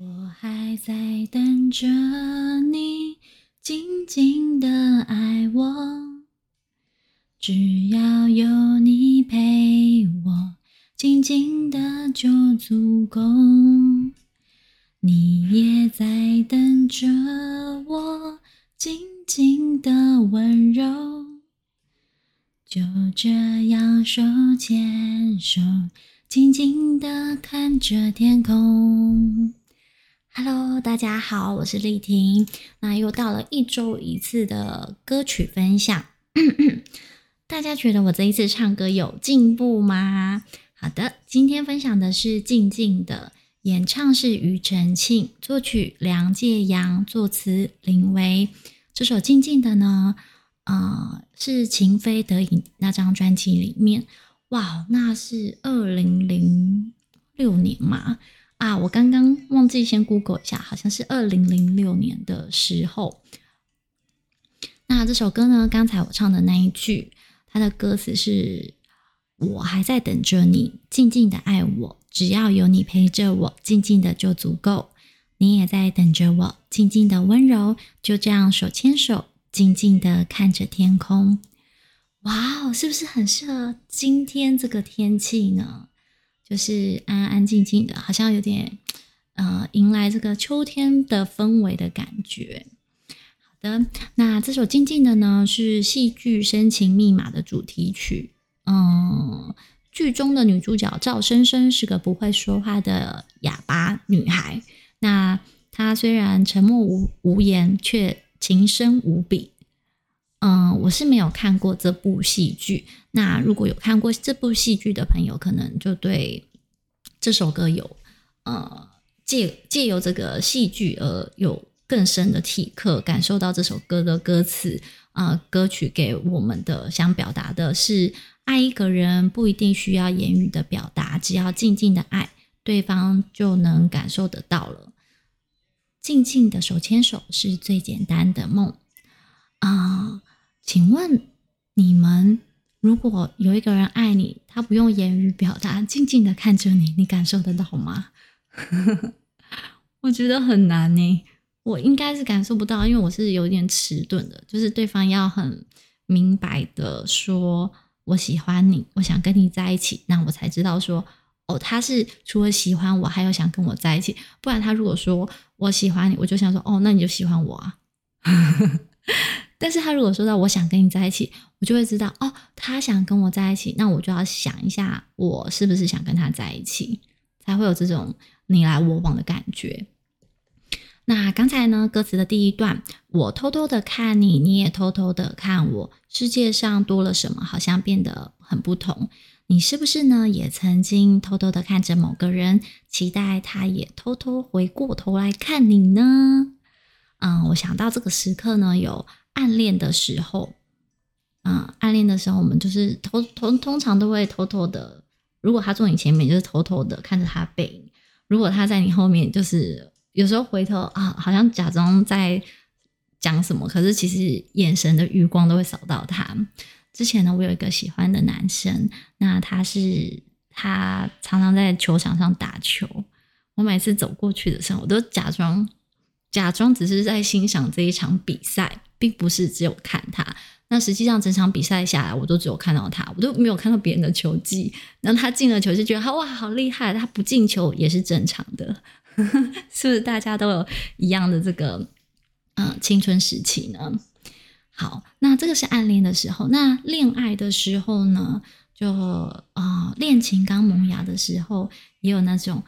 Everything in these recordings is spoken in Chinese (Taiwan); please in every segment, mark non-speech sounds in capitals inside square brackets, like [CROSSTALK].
我還在等着你靜靜的愛我，只要有你陪我，靜靜的就足夠。你也在等着我靜靜的溫柔，就這樣手牽手，靜靜的看着天空。Hello，大家好，我是麗婷。那又到了一周一次的歌曲分享， [COUGHS] 大家覺得我這一次唱歌有進步嗎？好的，今天分享的是《靜靜的》，演唱是庾澄慶，作曲梁介洋，作詞林唯。這首《靜靜的》呢，啊、呃，是《情非得已》那張專輯裡面，哇，那是二零零六年嘛。啊，我剛剛忘記先 Google 一下，好像是二零零六年的時候。那這首歌呢？剛才我唱的那一句，它的歌詞是：“我還在等着你，靜靜的愛我，只要有你陪着我，靜靜的就足夠。你也在等着我，靜靜的溫柔，就這樣手牽手，靜靜的看着天空。”哇哦，是不是很適合今天這個天氣呢？就是安安靜靜的，好像有點，呃，迎來這個秋天的氛圍的感覺。好的，那這首靜靜的呢，是戲劇《深情密碼》的主題曲。嗯，劇中的女主角趙深深是個不會說話的啞巴女孩，那她雖然沉默無無言，卻情深無比。嗯、呃，我是沒有看過這部戲劇。那如果有看過這部戲劇的朋友，可能就對這首歌有呃借借由這個戲劇而有更深的體刻，感受到這首歌的歌詞啊、呃，歌曲給我們的想表達的是，愛一個人不一定需要言語的表達，只要靜靜的愛，對方就能感受得到了。靜靜的手牽手是最簡單的夢啊。呃請問你們，如果有一個人愛你，他不用言語表達，靜靜的看着你，你感受得到嗎？ [LAUGHS] 我覺得很難耶，我應該是感受不到，因為我是有點遲鈍的，就是對方要很明白的說“我喜歡你，我想跟你在一起”，那我才知道說“哦，他是除了喜歡我，還有想跟我在一起”。不然他如果說“我喜歡你”，我就想說“哦，那你就喜歡我啊”。 [LAUGHS] 但是他如果說到我想跟你在一起，我就會知道哦，他想跟我在一起，那我就要想一下，我是不是想跟他在一起，才會有這種你來我往的感覺。那剛才呢，歌詞的第一段，我偷偷的看你，你也偷偷的看我，世界上多了什麼，好像變得很不同。你是不是呢？也曾經偷偷的看着某個人，期待他也偷偷回過頭來看你呢？嗯，我想到這個時刻呢，有。暗戀的時候，嗯、呃，暗戀的時候，我們就是偷偷通常都會偷偷的。如果他坐你前面，就是偷偷的看着他背影；如果他在你後面，就是有時候回頭啊，好像假裝在講什麼，可是其實眼神的餘光都會掃到他。之前呢，我有一個喜歡的男生，那他是他常常在球場上打球，我每次走過去的時候，我都假裝假裝只是在欣賞這一場比賽。並不是只有看他，那實際上整場比賽下來，我都只有看到他，我都沒有看到別人的球技。那他進了球，就覺得他哇好厲害；他不進球也是正常的， [LAUGHS] 是不是？大家都有一樣的這個、呃、青春時期呢。好，那這個是暗戀的時候。那戀愛的時候呢，就啊、呃、戀情剛萌芽的時候，也有那種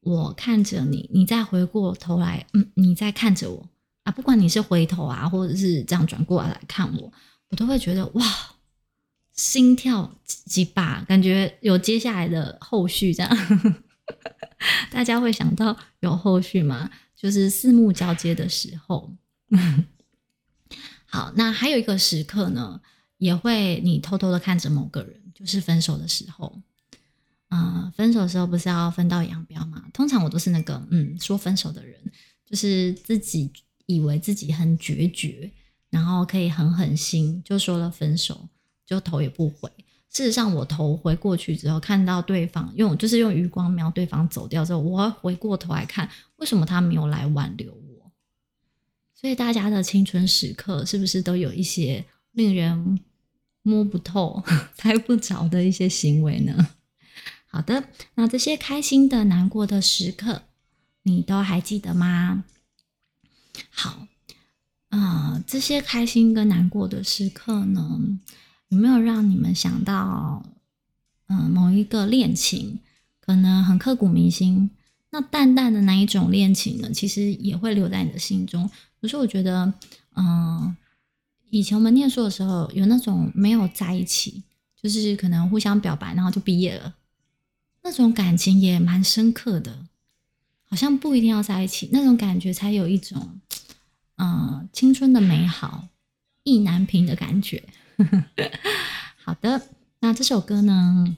我看着你，你再回過頭來，嗯，你再看着我。啊，不管你是回頭啊，或者是這樣轉過來來看我，我都會覺得哇，心跳幾幾把，感覺有接下來的後續這樣。 [LAUGHS] 大家會想到有後續嗎？就是四目交接的時候。 [LAUGHS] 好，那還有一個時刻呢，也會你偷偷的看着某個人，就是分手的時候。啊、呃，分手的時候不是要分道揚鑣嗎？通常我都是那個嗯，說分手的人，就是自己。以為自己很決絕，然後可以狠狠心，就說了分手，就頭也不回。事實上，我頭回過去之後，看到對方用就是用餘光瞄對方走掉之後，我回過頭來看，為什麼他沒有來挽留我？所以大家的青春時刻，是不是都有一些令人摸不透、猜不着的一些行為呢？好的，那這些開心的、難過的時刻，你都還記得嗎？好，呃，這些開心跟難過的時刻呢，有沒有讓你們想到，嗯、呃，某一個戀情可能很刻骨銘心？那淡淡的那一種戀情呢，其實也會留在你的心中。有時候我覺得，嗯、呃，以前我們念書的時候，有那種沒有在一起，就是可能互相表白，然後就畢業了，那種感情也蠻深刻的。好像不一定要在一起，那種感覺才有一種，嗯、呃，青春的美好，意難平的感覺。 [LAUGHS] 好的，那這首歌呢？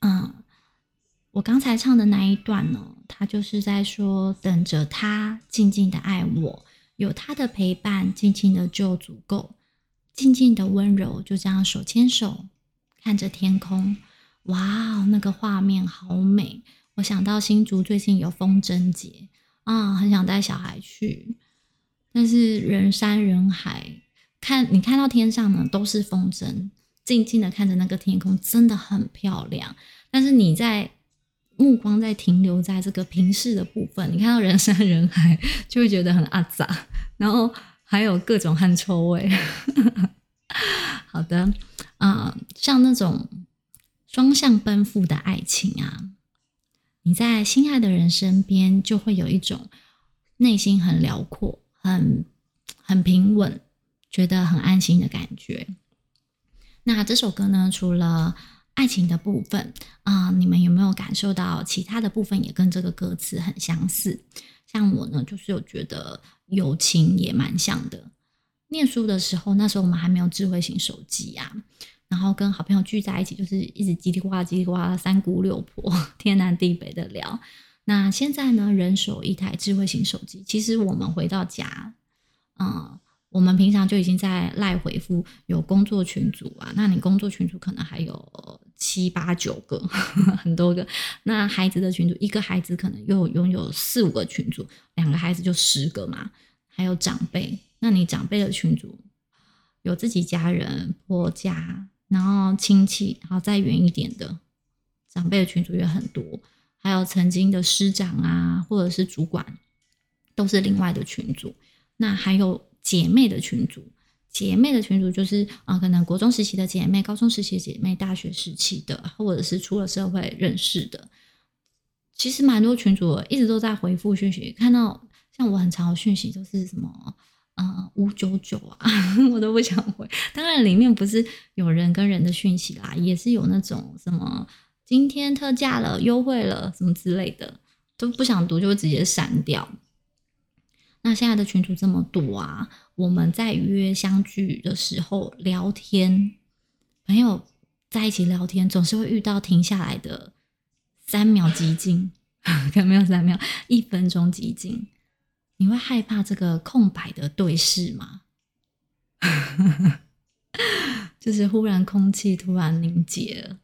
嗯、呃，我剛才唱的那一段呢、哦，它就是在說，等着他靜靜的愛我，有他的陪伴，靜靜的就足夠，靜靜的溫柔，就這樣手牽手看着天空。哇，那個畫面好美。我想到新竹最近有風箏節啊，很想帶小孩去，但是人山人海，看你看到天上呢，都是風箏，靜靜的看着那個天空真的很漂亮，但是你在目光在停留在這個平視的部分，你看到人山人海就會覺得很阿雜，然後還有各種汗臭味。 [LAUGHS] 好的，啊、呃，像那種雙向奔赴的愛情啊。你在心愛的人身邊，就會有一種內心很遼闊、很很平穩，覺得很安心的感覺。那這首歌呢，除了愛情的部分啊、呃，你們有沒有感受到其他的部分也跟這個歌詞很相似？像我呢，就是有覺得友情也蠻像的。念書的時候，那時候我們還沒有智慧型手機啊。然後跟好朋友聚在一起，就是一直嘰哩呱啦嘰哩呱啦，三姑六婆天南地北的聊。那現在呢，人手一台智慧型手機，其實我們回到家，嗯，我們平常就已經在賴回復有工作群組啊。那你工作群組可能還有七八九個，很多個。那孩子的群組，一個孩子可能又擁有四五個群組，兩個孩子就十個嘛。還有長輩，那你長輩的群組有自己家人、婆家。然後親戚，然後再遠一點的長輩的群組，也很多，還有曾經的師長啊，或者是主管，都是另外的群組。那還有姐妹的群組，姐妹的群組就是啊、呃，可能國中時期的姐妹、高中時期的姐妹、大學時期的，或者是出了社會認識的，其實蠻多群組一直都在回復訊息。看到像我很常的訊息就是什麼，嗯五九九啊，我都不想回。當然，裡面不是有人跟人的訊息啦，也是有那種什麼今天特價了、優惠了什麼之類的，都不想讀就直接刪掉。那現在的群組這麼多啊，我們在約相聚的時候聊天，朋友在一起聊天，總是會遇到停下來的三秒寂靜， [LAUGHS] 沒有三秒，一分鐘寂靜。你會害怕這個空白的對視嗎？ [LAUGHS] 就是忽然空氣突然凝結了。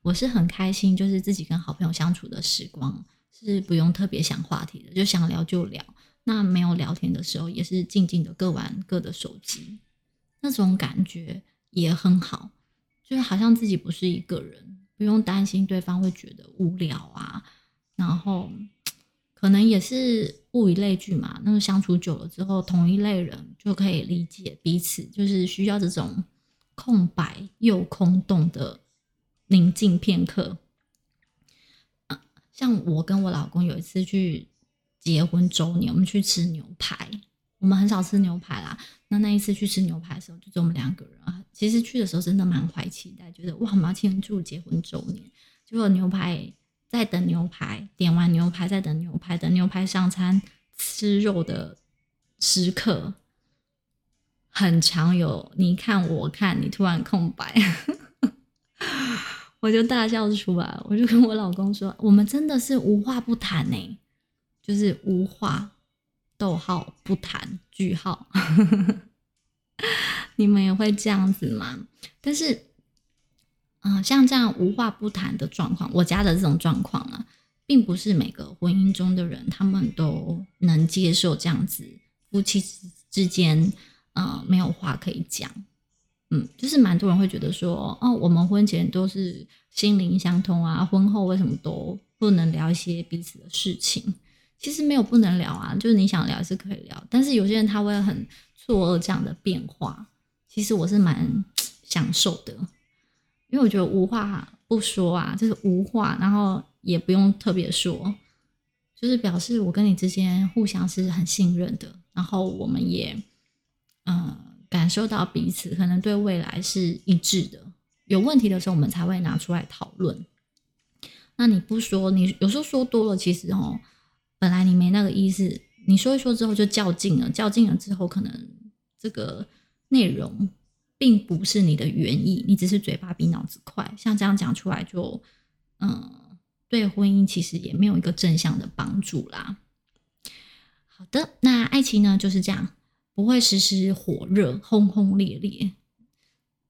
我是很開心，就是自己跟好朋友相處的時光是不用特別想話題的，就想聊就聊。那沒有聊天的時候，也是靜靜的各玩各的手機，那種感覺也很好，就是好像自己不是一個人，不用擔心對方會覺得無聊啊，然後。可能也是物以類聚嘛，那相處久了之後，同一類人就可以理解彼此，就是需要這種空白又空洞的寧靜片刻。啊，像我跟我老公有一次去結婚周年，我們去吃牛排，我們很少吃牛排啦。那那一次去吃牛排的時候，就是我們兩個人啊。其實去的時候真的滿懷期待，覺得哇，蠻慶祝結婚周年。結果牛排。在等牛排，點完牛排在等牛排，等牛排上餐吃肉的時刻，很常有。你看我看，你突然空白， [LAUGHS] 我就大笑出來。我就跟我老公說：“我們真的是無話不談呢，欸，就是無話逗號不談句號。 [LAUGHS] ”你們也會這樣子嗎？但是。啊、呃，像這樣無話不談的狀況，我家的這種狀況啊，並不是每個婚姻中的人他們都能接受這樣子，夫妻之間，啊、呃，沒有話可以講。嗯，就是蠻多人會覺得說，哦，我們婚前都是心靈相通啊，婚後為什麼都不能聊一些彼此的事情？其實沒有不能聊啊，就是你想聊也是可以聊，但是有些人他會很錯愕這樣的變化。其實我是蠻享受的。因為我覺得無話不說啊，就是無話，然後也不用特別說，就是表示我跟你之間互相是很信任的，然後我們也嗯、呃、感受到彼此可能對未來是一致的。有問題的時候，我們才會拿出來討論。那你不說，你有時候說多了，其實哦，本來你沒那個意思，你說一說之後就較勁了，較勁了之後，可能這個內容。並不是你的原意，你只是嘴巴比腦子快。像這樣講出來就，就、呃、嗯，對婚姻其實也沒有一個正向的幫助啦。好的，那愛情呢就是這樣，不會時時火熱、轟轟烈烈，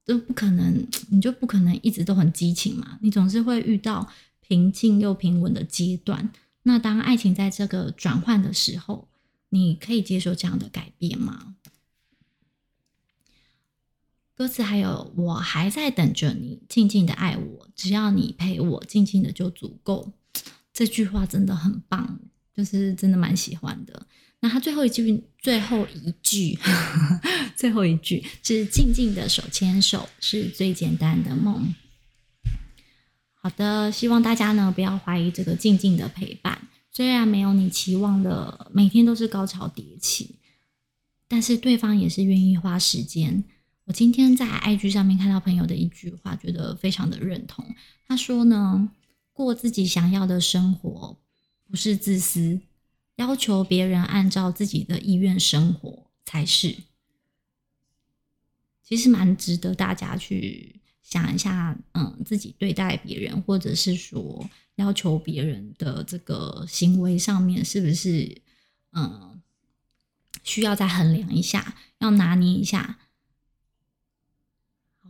都不可能，你就不可能一直都很激情嘛。你總是會遇到平靜又平穩的階段。那當愛情在這個轉換的時候，你可以接受這樣的改變嗎？歌詞還有，我還在等着你靜靜的愛我，只要你陪我靜靜的就足夠。這句話真的很棒，就是真的蠻喜歡的。那他最後一句，最後一句，呵呵，最後一句是靜靜的手牽手是最簡單的夢。好的，希望大家呢不要懷疑這個靜靜的陪伴，雖然沒有你期望的每天都是高潮迭起，但是對方也是願意花時間。我今天在 IG 上面看到朋友的一句話，覺得非常的認同。他說呢，過自己想要的生活不是自私，要求別人按照自己的意願生活才是。其實蠻值得大家去想一下，嗯，自己對待別人，或者是說要求別人的這個行為上面，是不是嗯需要再衡量一下，要拿捏一下。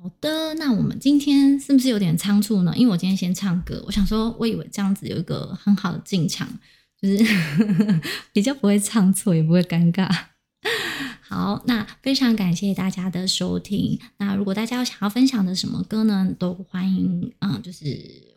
好的，那我們今天是不是有點倉促呢？因為我今天先唱歌，我想說，我以為這樣子有一個很好的進場，就是 [LAUGHS] 比較不會唱錯，也不會尷尬。好，那非常感謝大家的收聽。那如果大家有想要分享的什麼歌呢，都歡迎。嗯，就是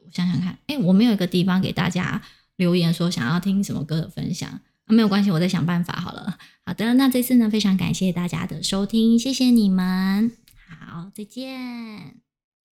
我想想看，誒、欸，我沒有一個地方給大家留言說想要聽什麼歌的分享那、啊、沒有關係，我在想辦法好了。好的，那這次呢，非常感謝大家的收聽，謝謝你們。好，再見。